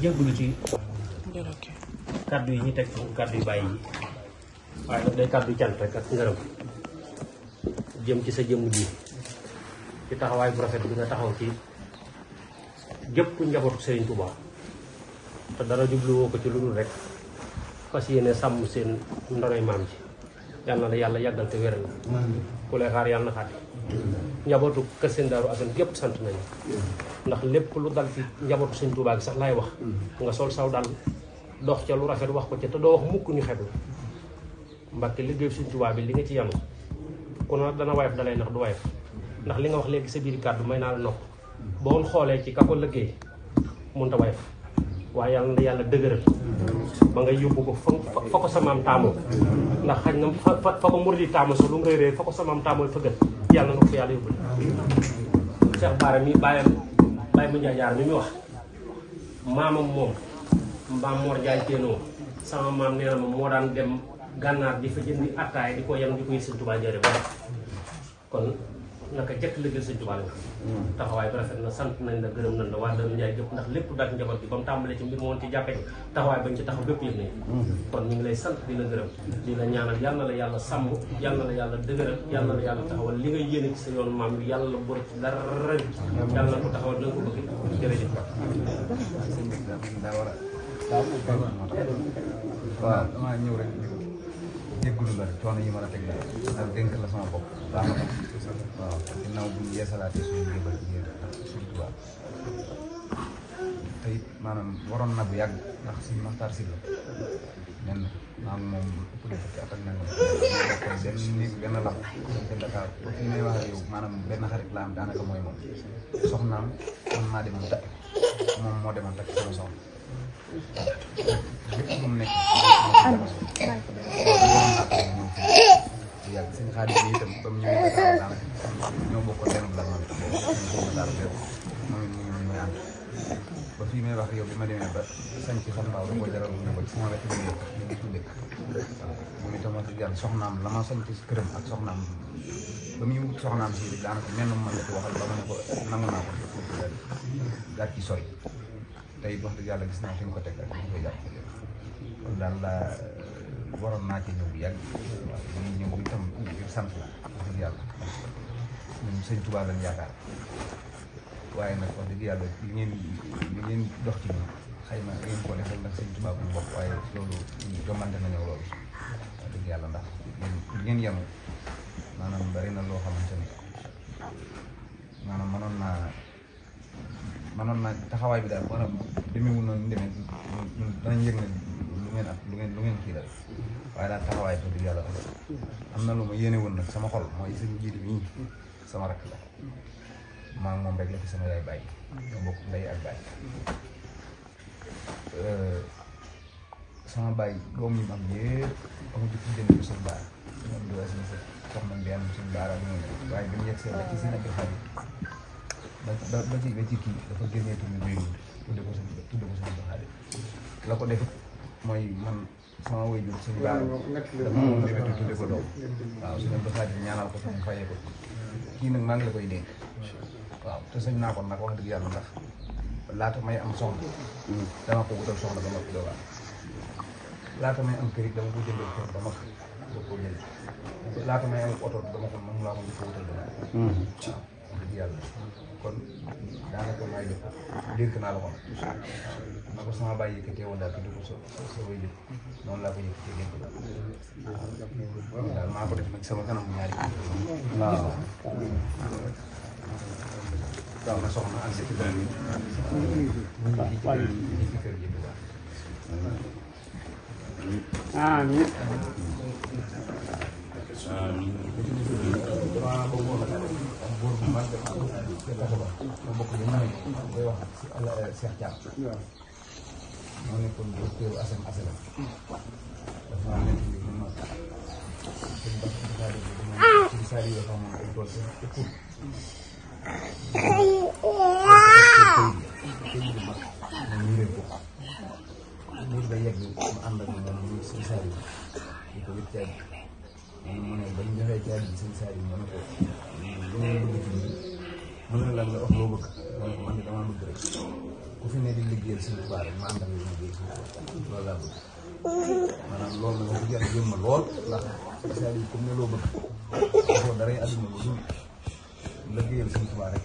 jéggalu ci kàddu yi ñu teg kàddu yu bàyyi waaye nag day kàddu cant rek ak ngërëm jëm ci sa jëmm ji ci taxawaay bu rafet bi nga taxaw ci gépp njabootu Serigne Touba te dana jubluwoo ko ci lu dul rek fas yéene sàmm seen ndonoy maam ci yàlla na yàlla yàggal te wéral ku lay xaar yàlla na xaar njabootu kër seen daaru asan sant nañu ndax lépp lu dal ci njabootu Serigne Touba gi laay wax nga sol saw dal dox ca lu rafet wax ko ca te doo wax mukk ñu xeb la mbàkke liggéey Serigne Touba bi li nga ci yanu ku na dana wayaf dalay ndax du wayaf ndax li nga wax léegi sa biir kàddu may naa la nopp boon xoolee ci ka ko lëggee mënut a woyof waaye yàlla na yàlla dëgëral ba nga yóbbu ko fa fa ko samaam taamoo ndax xaj na fa fa ko murdi taamoo su yàlla na ko mu njaajaar mi mbaam Mor Njaay Téenoo sama maam nee na moo daan dem gànnaar di fa jëndi attaay di ko yem di ko yëg seen Tuubaa jëre ba kon naka jëkk liggéey sëñ Tuubaa mm. taxawaay bi rafet na sant nañ la gërëm nañ la waa dañu ñaay jëpp ndax lépp daal njaboot bi ba mu tàmbalee ci mbir moom ci jàppe taxawaay bañ ci taxaw bépp yëg mm. lay sant di la gërëm la ñaanal yàlla la yàlla sàmm yàlla yàlla dëgëral yàlla la yàlla li nga yéene ci sa yoon maam bi yàlla la bor ci dara yàlla la ko taxawal danga ko bëgg jërëjëf waaw damaa ñëw rek jégalu la coono yi mën a teg la la sama waaw ginnaaw bu ñu yeesalaatee suñu njëbal ci yéen maanaam waroon na bu yàgg ndax suñu maxtaar si la nen maam moom benn néeg wax ak maanaam benn xarit laa am daanaka mooy moom soxnaam man maa demoon takk moom moo demoon takk sama soxna lépp lu yàgg sëñ xaadim yi itam comme ñu ngi Dakar daan ñoo bokkoon benn blasement bi boobu Dakar teew moom it ñu ñu ànd ba fii may wax yow bi ma demee ba sañ ci xam mbaaw da ko jaral ñu ko sama wet bi dëkk ñu ngi suñu dëkk moom itam wax dëgg yàlla soxnaam la ma sañ ci këram ak soxnaam ba muy wut soxnaam si daanaka menn ma la ci waxal ba ma ne ko nangu naa ko daal ci sori tey wax dëgg yàlla gis naa fi ñu ko teg ak ñu koy jàpp loolu daal la waroon naa ci ñëw bu yàgg ñu ñëw itam ngir sant la wax dëgg yàlla ñun sëñ Tuubaa lañ yaakaar waaye nag wax dëgg yàlla li ngeen dox xëy na ngeen ko defal nag sëñ Tuubaa bu ñu bokk waaye dëgg yàlla ndax li ngeen yem maanaam bari na loo xamante ni maanaam mënoon naa mënoon naa taxawaay bi daal war a demeewul noonu demee danañ yëg na lu ngeen am lu ngeen kii la waaye daal taxawaay tuuti yàlla rek am na lu ma yéene woon nag sama xol mooy sëñ jiitu mii sama rakk la maa moom rek la fi sama yaay bàyyi ñoo bokk ndey ak bàyyi euh, sama bàyyi doom yi am yëpp amu ci fi jënd ko suñu baara kii dafa génnee tur bi wéyul tudde ko suñu tudde ko suñu xarit la ko def mooy man sama waajur suñu baal dama moom mébétu tudde ko doom waaw suñu basaati ñaanal ko sama fayee ko kii nag maa ngi la koy dénk waaw naa ko nag wax dëgg yàlla ndax laata may am soxna dama ko wutal soxna ba ma ko dogal laata may am kër dama ko jëndal kër ba ma ko jënd laata dama ko moom laa ko a wutal ci yàlla kon daanaka maa yëpp dégg naa la ko na ko sama bàyyi yëkkatee woon daal di ko so so way yëpp noonu laa ko yëkkatee dégg la daal maa ko def nag sama kanam ñaari waaw daaw na soxna am ci kër yi ñu ci kër yi amiin amiin góor bu mag dafa am dafa ba ma bokk yi mooy day wax si ala Cheikh Thiam moo nekkoon bu teew asam asalam dafa maa nekk li mu ma sëñ Ba dafa def dama sëñ Saliou dafa amoon ay tool seen ëppul këy bu mag ma miiree ko miir ba yegg ma ànd ak moom sëñ Saliou di ko wéccaay moom mu ne ba ñu joxee caabi bi sëñ Saliou ma ne ko lu ngeen bëgg ci nii mu ne lan la wax loo bëgg man man de damaa bëgg rek ku fi ne di liggéeyal sëñ Tuubaa rek ma ànd ak yow liggéey sëñ Tuubaa loolu laa bëgg maanaam loolu nag wax yàlla jëmm lool ndax sëñ Saliou comme ne loo bëgg waxoo dara àdduna lu dul liggéeyal sëñ Tuubaa rek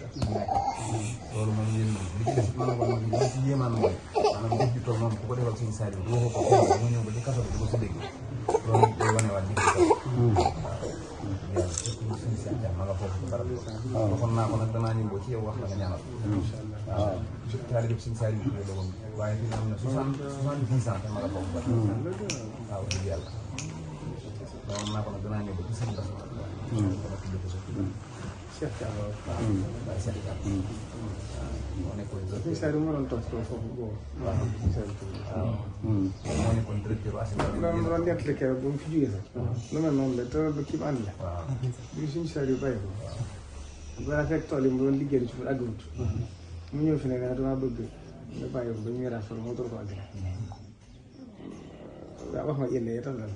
loolu moom yéen moom li ci def ma ne ko nag li ci yéemaan mooy maanaam jëf ji tool moom ku ko defal sëñ Saliou waxoo ko mu ñëw ba ci kaso bi di ko si dégg ñëwaat di waaw waxoon naa ko nag danaa ñëw ci yow wax la nga ñaanal. waaw daal di jëm suñu saa yi la woon waaye fi na soixante soixante dix ans te ma la foofu ba. waaw ko nag danaa ñëw ba ci seen bas. waaw waaw waaw waaw waaw waaw waaw waaw waaw moo nekkoon directeur. Seydou moo doon toog foofu boobu. waaw waaw. moo nekkoon directeur assaini. loolu loolu la keroog ba mu fi jugee noonu la ba kii ba ànd la. waaw bi suñu Seydou bàyyi ko. bu la fekk tool yi mu doon liggéey ci fa àgguwut. mu ñëw fi ne nga damaa bëgg nga bàyyi ba ñu raaf moo doon ko àggale. waaw wax ma yéen itam daal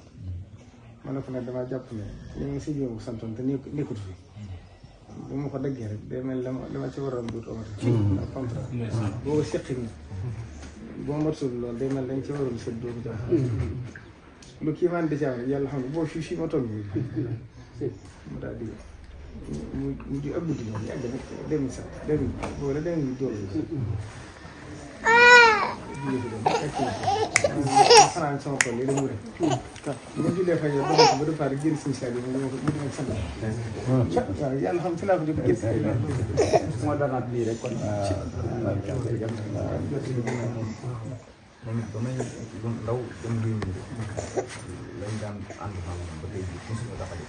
ma ne ko nag damaa jàpp ne li nga si ñëw santoon te nekkut fi. bu ma ko daggee rek day mel la ma la ma ci waroon duut amati. a hmm. contrat. boo ko seqee nii. boo matul loolu day mel dañ ci waroon seet doomu jàmm. lu kii maan di ci yàlla xam ne boo fii fii ma toll nii. Hmm. mu daal di mu mu di ab guddi ñu yàgg na deux mille sept deux mille wala deux mille xanaa sama xol lii da mu wute. bu jullee fajar ba ba départ jël si saa bi mu nekk sant. waaw yàlla xam si laa ko jóg jël si bi moo danaat lii rek kon. moom it ba may ndaw dem réew mi lañ daan ànd fa ba tey jii pour suñu taxaw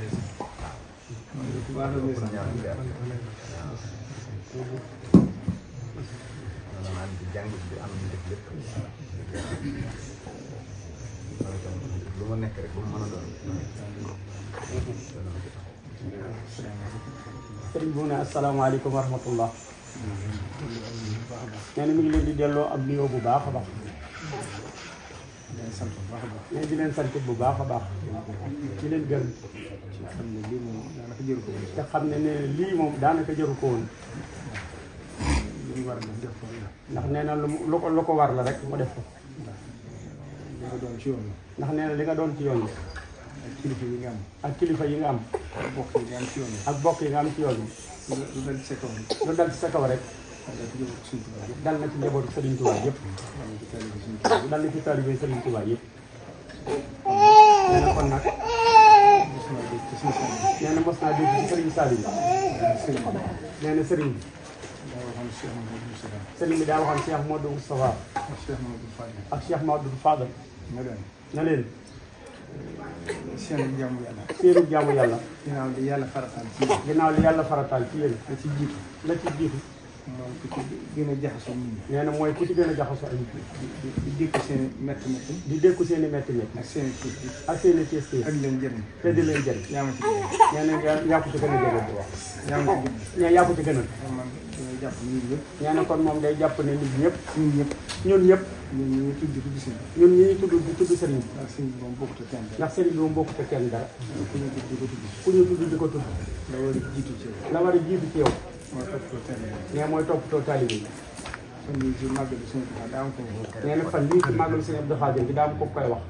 yi. waaw. waaw. maanaam bu a doon. sëriñ bu ne asalaamaaleykum wa rahmatullah. nee na ngi leen di delloo ab nuyoo bu baax a baax. leen sant di leen sant bu baax a baax. di leen gërëm. te xam ne lii moom daanaka jëru ko woon. te xam ne ne lii moom daanaka jëru ko woon. lu mu war la def ko ndax nee lu lu ko lu ko war la rek mu def ko. li nga doon ci yoon ndax nee na li nga doon ci yoon ak kilifa yi ak kilifa yi nga am. ak bokk yi nga am ci yoon ak bokk yi nga ci yoon lu dal ci sa kaw rek. lu dal ci sa kaw rek. dal na ci njabootu Sëriñ Tuubaa yëpp. dal na ci taalibe Sëriñ Tuubaa yëpp. nee na kon nag. nee na mos naa dégg ci Sëriñ Saliou. nee Sëriñ bi. daa waxoon Cheikh Modou Moustapha. sëriñ bi daa waxoon Cheikh Modou Moustapha. ak Cheikh Modou Fadel. ak Cheikh Modou Fadel. na leen. na leen. seenu jaamu yàlla. seenu jaamu yàlla. ginnaaw li yàlla farataal ci yéen. la ci mooy a jaxasoo nit ñi. a jaxasoo ay nit ñi. di dékku seen i i métti métti. ak seen i kii ak seen i kii kii. ak leen jëriñ. te di leen jëriñ. yaa a jëriñ bu baax. a. kon moom day jàpp ne nit ñëpp ñun ñun ñëpp ñun ñu tudd tudd sëriñ ñu tudd di tudd ñu tudd di ko tudd ku a jiitu ci war a jiitu ci yow nee mooy toppatoo taalibe yi. fan yii ci màggalu sëñ bi daa am ko nee na fan yii ci màggalu sëñ Abdou Khadir bi daa am ko koy wax.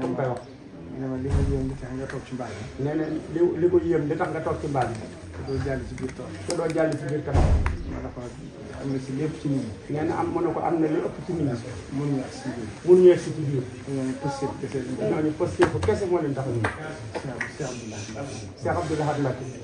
ko koy wax. nee na li ko yéem li tax nga toog ci mbaal yi. nee na li li ko yéem li tax nga toog ci mbaal yi. te doo jàll ci biir tool te doo jàll ci biir kanam. am na si lépp ci nit ñi. nee na am mën na ko am na lu ëpp ci nit ñi. mënuñu ak si biir. mënuñu ak si biir. ñooñu posté kese ñooñu posté bu kese moo leen tax a ñëw. Cheikh Abdoulaye Cheikh Abdoulaye Mbacke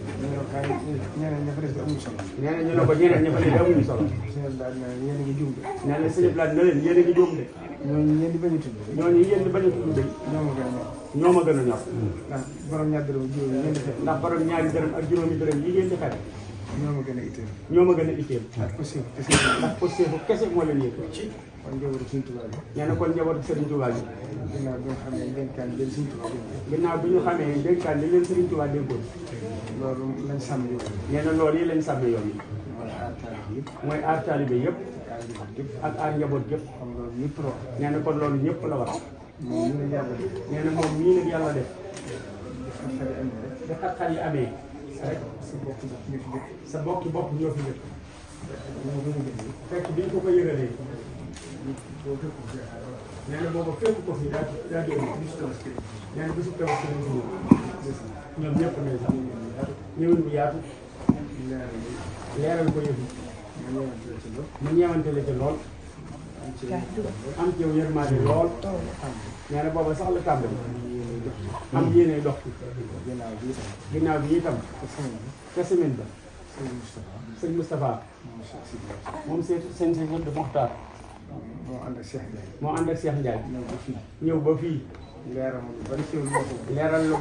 ñeneen ña fa des amuñu solo. nee na ñu ne ko ñeneen ña fa des amuñu solo. sëñ Abdoulaye nee na yéen a ngi juum de. nee na sëñ Abdoulaye ne leen yéen a ngi juum de. ñooñu yéen di bañ a tudd. ñooñu yéen di bañ a tudd de. ñoo ma gën a ñor. ñoo ma gën a ñor. ndax borom ñaari dërëm ak juróomi ngeen di fay. ndax borom ñaari dërëm ak juróomi dërëm yi ngeen di fay. ñoo ma gën a itteel. ñoo ma gën a itteel. ak posteefu kese ak posteefu kese moo leen yëg. kon njabootu Sëriñ Tuubaa bi. nee na kon njabootu Sëriñ Tuubaa bi. ginnaaw bi nga xam ne dénkaan bi leen Sëriñ Tuubaa dénkoon. ginnaaw bi ñu xamee dénkaan bi leen Sëriñ Tuubaa dénkoon. loolu lañ sàmm yoon yi. nee na loolu yi lañ sàmm yoon yi. mooy aar taalibe yëpp. mooy aar taalibe yëpp. ak aar njaboot yëpp. kon loolu ñëpp la war. nee na kon loolu ñëpp la war. moom ñu ngi yàlla def. nee na moom ñu ngi yàlla def. ba xar-xar yi amee sa sa bokk bopp ñoo fi nekk sa bokki bopp ñoo fi nekk moo gën a gën fekk biñ ko ko yëgalee nee na booba fekk ko fi daa daa déglu nee na bisu tabaski lañ ko ñoom ñëpp nañ sax ñëwin bu yaatu leeral ko yëf yi mu ñeewante la ca lool am ci yow yërmaande lool nee na booba sax la tàmbali am yéene dox ci. ginnaaw bi itam. ginnaaw bi itam. ca semaine ba. sëñ Moustapha. moom seen seen sëñ Moustapha. moom ànd ak Cheikh Ndiaye. moo ànd ak Cheikh Ndiaye. ñëw ba fii. leeral lu bari si lu nee na lu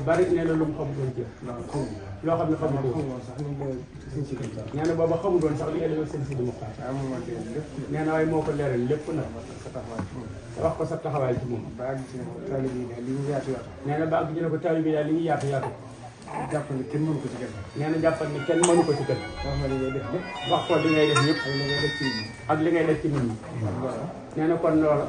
mu xamul woon loo xam ne xamul woon sax ni mu demee seen si biir na booba xamul woon sax li ah, nee na ko leeral lépp nag. wax ko sa taxawaay ci moom. ba àgg ci ne ko taalib yi daal li ñu yaatu yaatu. nee na ba àgg ci ne kenn mënu ko ci kenn. nee na jàppal ne kenn mënu ko ci def nee na kon loola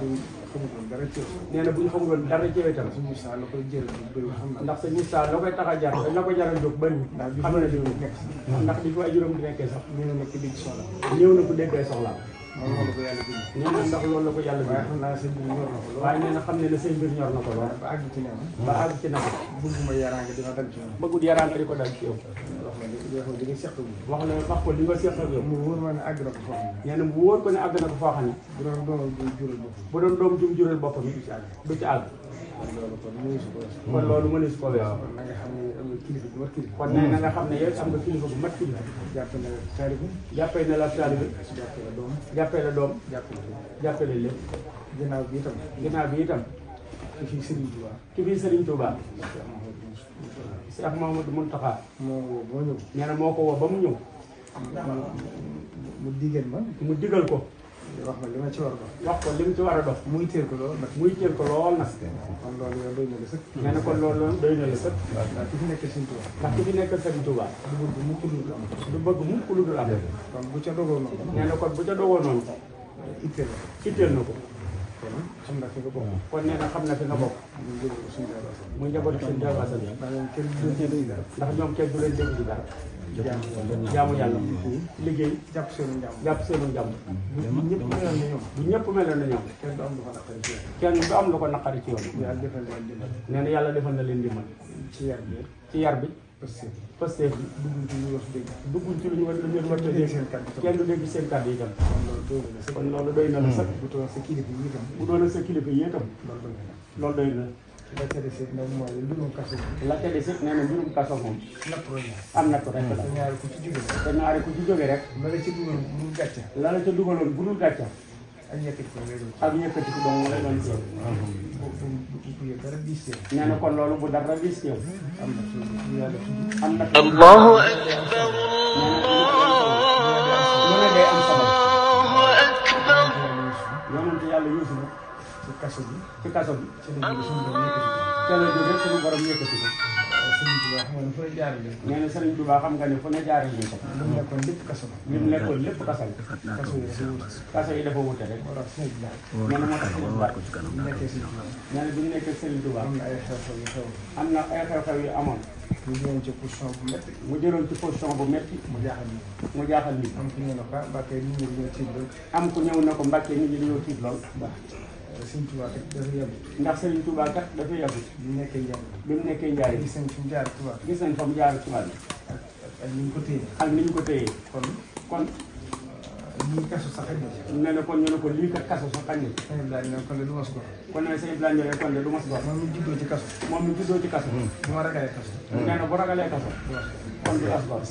xamuloon dara ci yow. nee na bu ñu xamuloon dara a yow itam. sëñ Moussa la koy jëral bëri xam na. ndax sëñ Moussa la koy tax a jar la ko jaral jóg bëri xam na ne dina nekk sax. Mm. ndax di fa ajuram di nekkee sax. ñëw na ko dégg soxla ñëw na ko déggee soxla moom loolu ko ndax loolu la ko yàlla bind. waaye xam naa seen mbir xam ne ne seen mbir ñor na ko lool. ba àgg ci ne ma. ba àgg ci ne ma. bëgguma yaraange di ko dal di ko dal ci yow. wax na li wax li nga seq ko li nga seq ak mu wóor ma ne àgg na ko foo xam ne. nee na mu wóor ko ne àgg na ko foo xam bu doon doom ju jural boppam. bu doon doom ju jural boppam du ci àgg. kon loolu mënee su ko weesu. kon na nga xam ne am na kilifa bu mat kilifa. kon nee nga xam ne yow am nga kilifa bu mat kilifa. jàppee na la taalibe. jàppee na la taalibe. jàppee la doom. jàppee la doom. jàppee la lépp. ginnaaw bi itam. ginnaaw bi itam. ki fi Serigne Touba. ki fi Serigne Touba. Cheikh Mamadou Mountakha. moo woo moo ko woo ba mu ñëw. mu digal ma. mu digal ko. wax ma li ma ci war a dox. wax ko li mu ci war a dox. muy teel ko lool nag. muy teel ko lool nag. kon loolu yow doy na la sëkk. nee na kon loolu yow doy na la sëkk. waaw ndax ki fi nekk Sëriñ Tuubaa. ndax ki fi nekk Sëriñ Tuubaa. du bëgg mukk lu dul am. du bëgg mukk lu dul am. kon bu ca dogoo noonu. nee na kon bu ca dogoo noonu. itteel na ko itteel na ko. kon xam na fi nga bokk. kon nee na xam na fi nga bokk. muy njabootu suñu jaabaasa. muy njabootu suñu jaabaasa. ndax ñoom kenn du leen dégg dara. jaamu yàlla liggéey jàpp seenu njàmm jàpp seenu njàmm bu ñëpp meloon ñoom bu ñëpp meloon ñoom kenn du am lu ko naqari ci yoon kenn du am lu ko naqari ci yoon yàlla defal na leen dimbal nee ci yar bi ci yar bi pasteef bi dugguñ ci lu ñu war dégg dugguñ ci lu ñu war lu ñu kenn du dégg seen kàddu yi tam loolu doy na la sax bu doon yi itam bu doon sa kilifa yi itam loolu doy na la ca des it nag mooy mbirum kaso bi. la ca des it nee na mbirum kaso moom. am na ko rek la. te ñaari ku ci jóge rek. te ñaari ku ci jóge rek. la la ca dugaloon bu dul gàcce. la la ca dugaloon bu dul gàcce. ak ñëkkati ko lay doon. ak ñëkkati ko dong lay doon tool. dara gis nee na kon loolu bu dara gis yow. am na am na. Allahu akbar. ci kaso bi ci kaso bi. ci la jógee suñu borom yëkkati ko. ci la na Serigne ko. li mu nekkoon lépp kaso la. li mu nekkoon lépp kaso la. kaso yi dafa wute. kaso yu amoon. mu jëloon ci position bu métti. mu jëloon ci position bu métti. mu jaaxal nii. mu jaaxal nii. am ku ñëw na ko mbàkkee nit ñi dañoo tiit na ko mbàkkee nit tiit lool. te sëñ Touba kat ndax sëñ Touba kat dafa yàggut. bi mu nekkee Ndiaye. bi mu nekkee Ndiaye. gis nañ fi mu jaar Touba. gis nañ fa mu jaar Touba bi. ni ñu ko téye. ak ni ñu ko téye. kon kon. Euh, lii kaso sax xaj na ci. nee na kon ñu ne ko lii kat kaso sax xaj na ci. sëñ Ibrahima kon de du mos gor. kon nag sëñ Ibrahima mos gor. moom mi juddoo ci kaso. moom mi juddoo ci kaso. bu ma ragalee kaso. nee bu ragalee kaso. kon du mos gor.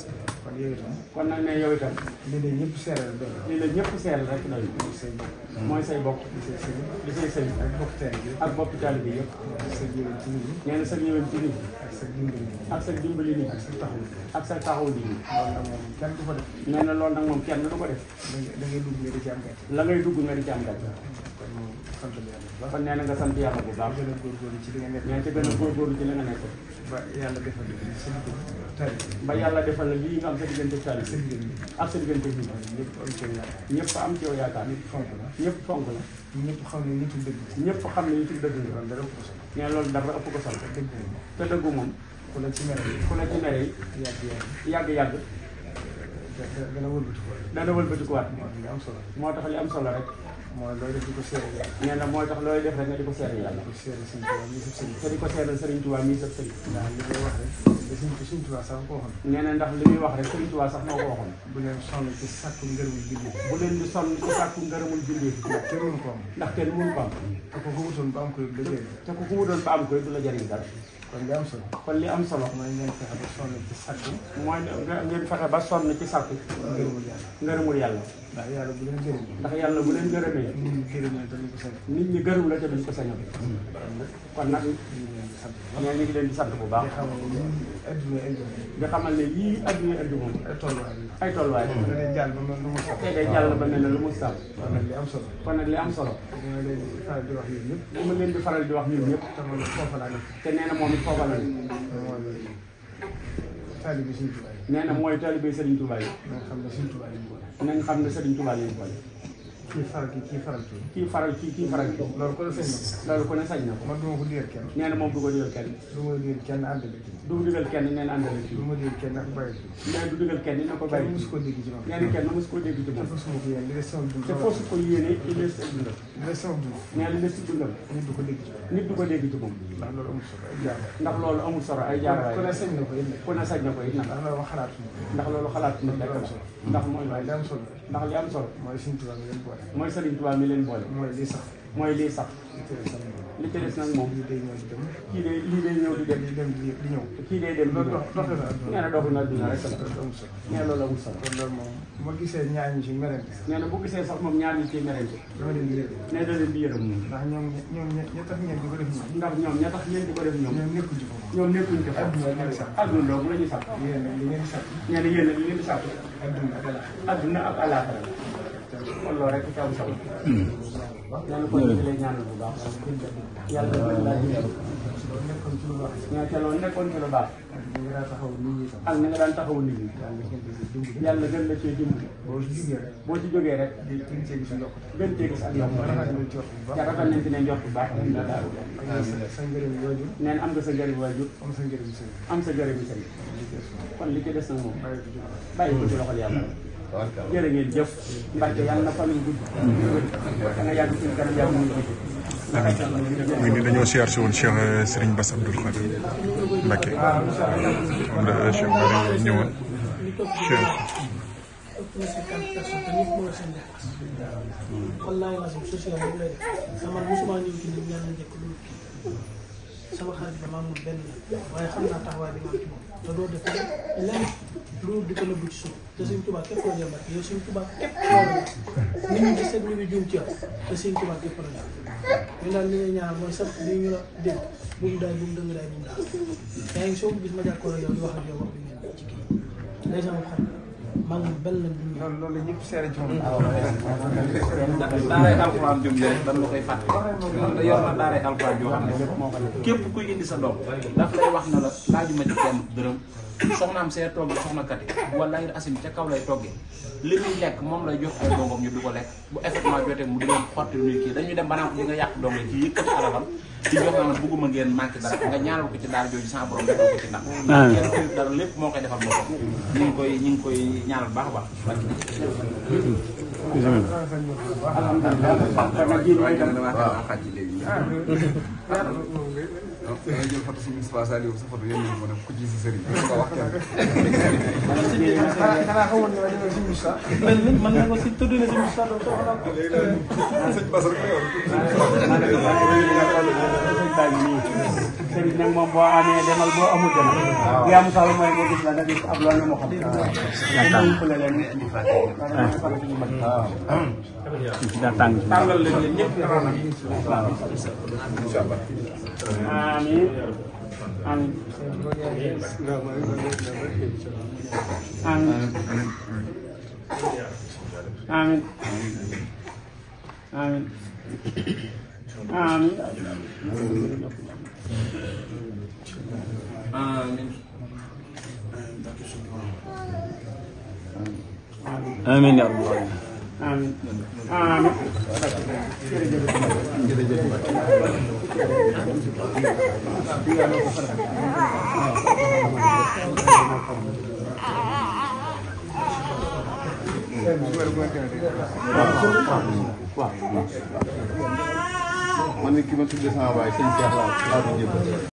kon yow itam. kon nag ne yow itam. lii la ñëpp seere rek doy lii la ñëpp seere rek doy mooy say bokk. mooy say bokk. li say sëñ. li say sëñ. ak bokk taalibe bi ak bokk taalibe bi yëpp. sa ñëwén ci nit ñi. nee na sa ñëwén nit ñi. ak sa dimbali nii. ak sa dimbali nii. ak sa taxawu nii. ak la ngay dugg nga di ci am gàcce. kon a góorgóorlu li nga nekk. nee a góorgóorlu li nga nekk. ba yàlla defal la lii seen ñëpp am ci yow yaakaar. ñëpp fonk ñëpp xam ne nitu dëgg la. ñëpp xam ne nitu dëgg la. mais loolu dara ëpp ko solo te dëggu moom ku la ci mere ku la ci mere yi yàgg-yàgg dana wëlbatikuwaat dana wëlbatikuwaat moo tax li am solo rek mooy looy def di ko seere yàlla. nee na mooy tax looy def rek nga di ko seere yàlla. di ko seere sëriñ Tuubaa mii sab sëriñ. te di ko seere sëriñ Tuubaa mii sab sëriñ. ndax li ngay wax rek sëriñ Tuubaa sax ko waxoon. nee na ndax li muy wax rek sëriñ Tuubaa sax moo ko waxoon. bu leen sonn ci sàkku ngërëmul bindee. bu leen di sonn ci sàkku ngërëmul bindee. ndax kenn mënu ko am. ndax kenn mënu ko am. te ku ko wutoon ba am ko yëpp la jëriñ. te ku ko wutoon ba am ko yëpp la jëriñ dara kon li am solo kon li am solo mooy ngeen fexe ba sonn ci sàkku mooy ngeen fexe ba sonn ci sàkku ngërëmul yàlla ngërëmul yàlla ndax yàlla bu leen gërëmee ndax yàlla bu leen gërëmee nit ñi gërëm la te duñ ko sañal mm. kon nag ñoo ñu ngi leen di sant bu baax di xamal ne yii adduna indi moom ay tolluwaay te day jàll ba mel ne lu mu sal kon nag li am solo li ma leen di faral di wax ñun ñëpp te nee na moom it foofa la taalibe Sëriñ Tuubaa nee na mooy taalibe Sëriñ Tuubaa yi nañ xam ne Sëriñ Tuubaa yi nañ xam ne Sëriñ Tuubaa yi kii faral kii kii faral kii. kii faral kii kii loolu ko la sañ na loolu ko ne sañ na man du ko digal kenn. nee moom du ko digal kenn. du ma kenn àndale kii. du ma digal kenn nee kenn na ko bàyyi kenn na ko bàyyi kii. kenn ko dégg ci moom. kenn mësu ko dégg ci te foo ko yéene li te foo ko yéene li li sama dund. nee na li si dundam. nit du ko dégg ci moom. nit du ko dégg ci moom. ndax loolu amul solo ay jaar. ndax loolu amul solo ay jaar. ku ne sañ na ko it nag. ku ne sañ na ko it nag. ndax loolu xalaatu ndax loolu xalaatu na rek la. ndax mooy waaye li am solo. ndax li am solo. mooy Sëriñ Tuubaa mi leen boole. mooy Sëriñ Tuubaa mi leen boole. mooy lii sax. mooy lii sax. li ci des nag moom kii day lii day ñëw di dem di dem di ñëw kii day dem loolu dox dox na nee na dox na dina rek la amul solo nee na loolu amul solo kon loolu moom ma gisee ñaar ñi ci merente nee na bu gisee sax moom ñaar ñi ci merente dama leen di yërëm nee da leen di yërëm moom ndax ñoom ñoom ña tax ngeen di ko def ñoom ndax ñoom ña tax ngeen di ko def ñoom ñoom nekkuñ ci foofu ñoom nekkuñ ci foofu adduna doomu la ñuy sàkk yéen li ngeen di sàkk nee na yéen li ngeen di sàkk adduna ak alaaxira adduna ak alaaxira kon loolu rek taw sax te loolu nekkoon ci lu baax. ak ni nga daan taxawu nit ñi. yàlla gën la cee dimbali. boo ci jógee rek. boo ci jógee rek. gën cee gis ak yokkute. gën cee gis ak yokkute. te rafet nañ ci ne njort bu baax. neen am nga sa njëriñ waajur. am sa njëriñ sëriñ. am sa njëriñ sëriñ. kon li ci des nag moom. bàyyi ko ci loxol yàlla. jërë ni dañoo siyaar si woon Cheikh euh, Serigne Bass Abdoul Khadim Mbacke moom la euh, Cheikh Bari ñëwoon Cheikh. wallaay waa social bi lay def sama mosuma ñaan njëkk lu sama xarit dama amul benn waaye xam naa taxawaay ma am ci moom loolu di ko nëbbu ci suuf te Sëñ Tuubaa képp la jàmbat yow Sëñ Tuubaa képp la nit di seet ñu ngi juum ci yow te Sëñ Tuubaa képp la jàmbat ñu daal li ngay ñaar mooy sax li ñu la dégg bu mu daay bu mu dëng daay bu mu daal yaa ngi soo ko gis ma jàkkoor yow ak yow wax bi sama xam man benn. loolu loolu ñëpp seere ci moom. Ah, ndax daaray alxuraan la koy fàtte. te yor na daaray alxuraan yoo xam ne képp kuy indi sa doom daf wax na la laajuma ci kenn dërëm. soxnaam see togg soxna kati wala yu asim ca kaw lay toggee li muy lekk moom lay jox ay dongom ñu du ko lekk bu effectivement jotee mu di leen xotti nuy kii dañuy dem banaan ko nga yàq dong kii yëkkati alalam ci yoo xam ne bëgguma ngeen manqué dara nga ñaanal ko ci daal jooju sans borom defal ko ci ndax kenn koy dara lépp moo koy defal boppam ñu ngi koy ñu ngi koy ñaanal baax a baax donc da ngay jël photo si Moustapha Saliou sa photo yéen ñëpp ma ne ku ci si sëriñ bi ko wax kenn. xanaa xamoon na dina si Moustapha. mën na ko si tudd na si Moustapha loolu soxla na ko. léegi nag sëñ Bassirou. sëriñ nag moom boo amee demal boo amul demal. waaw li am solo mooy nga gis la nga gis ab loo ñu ma xam. waaw ñu fële leen. waaw. daa tàng tàngal leen ñëpp. waaw. incha allah. amiin. amiin. amiin. amiin. amiin. amiin. amiin yaa rabbal aalamiin amiin man ni ki ma tuddee sama baay sëñ Cheikh laa laa ko jébbal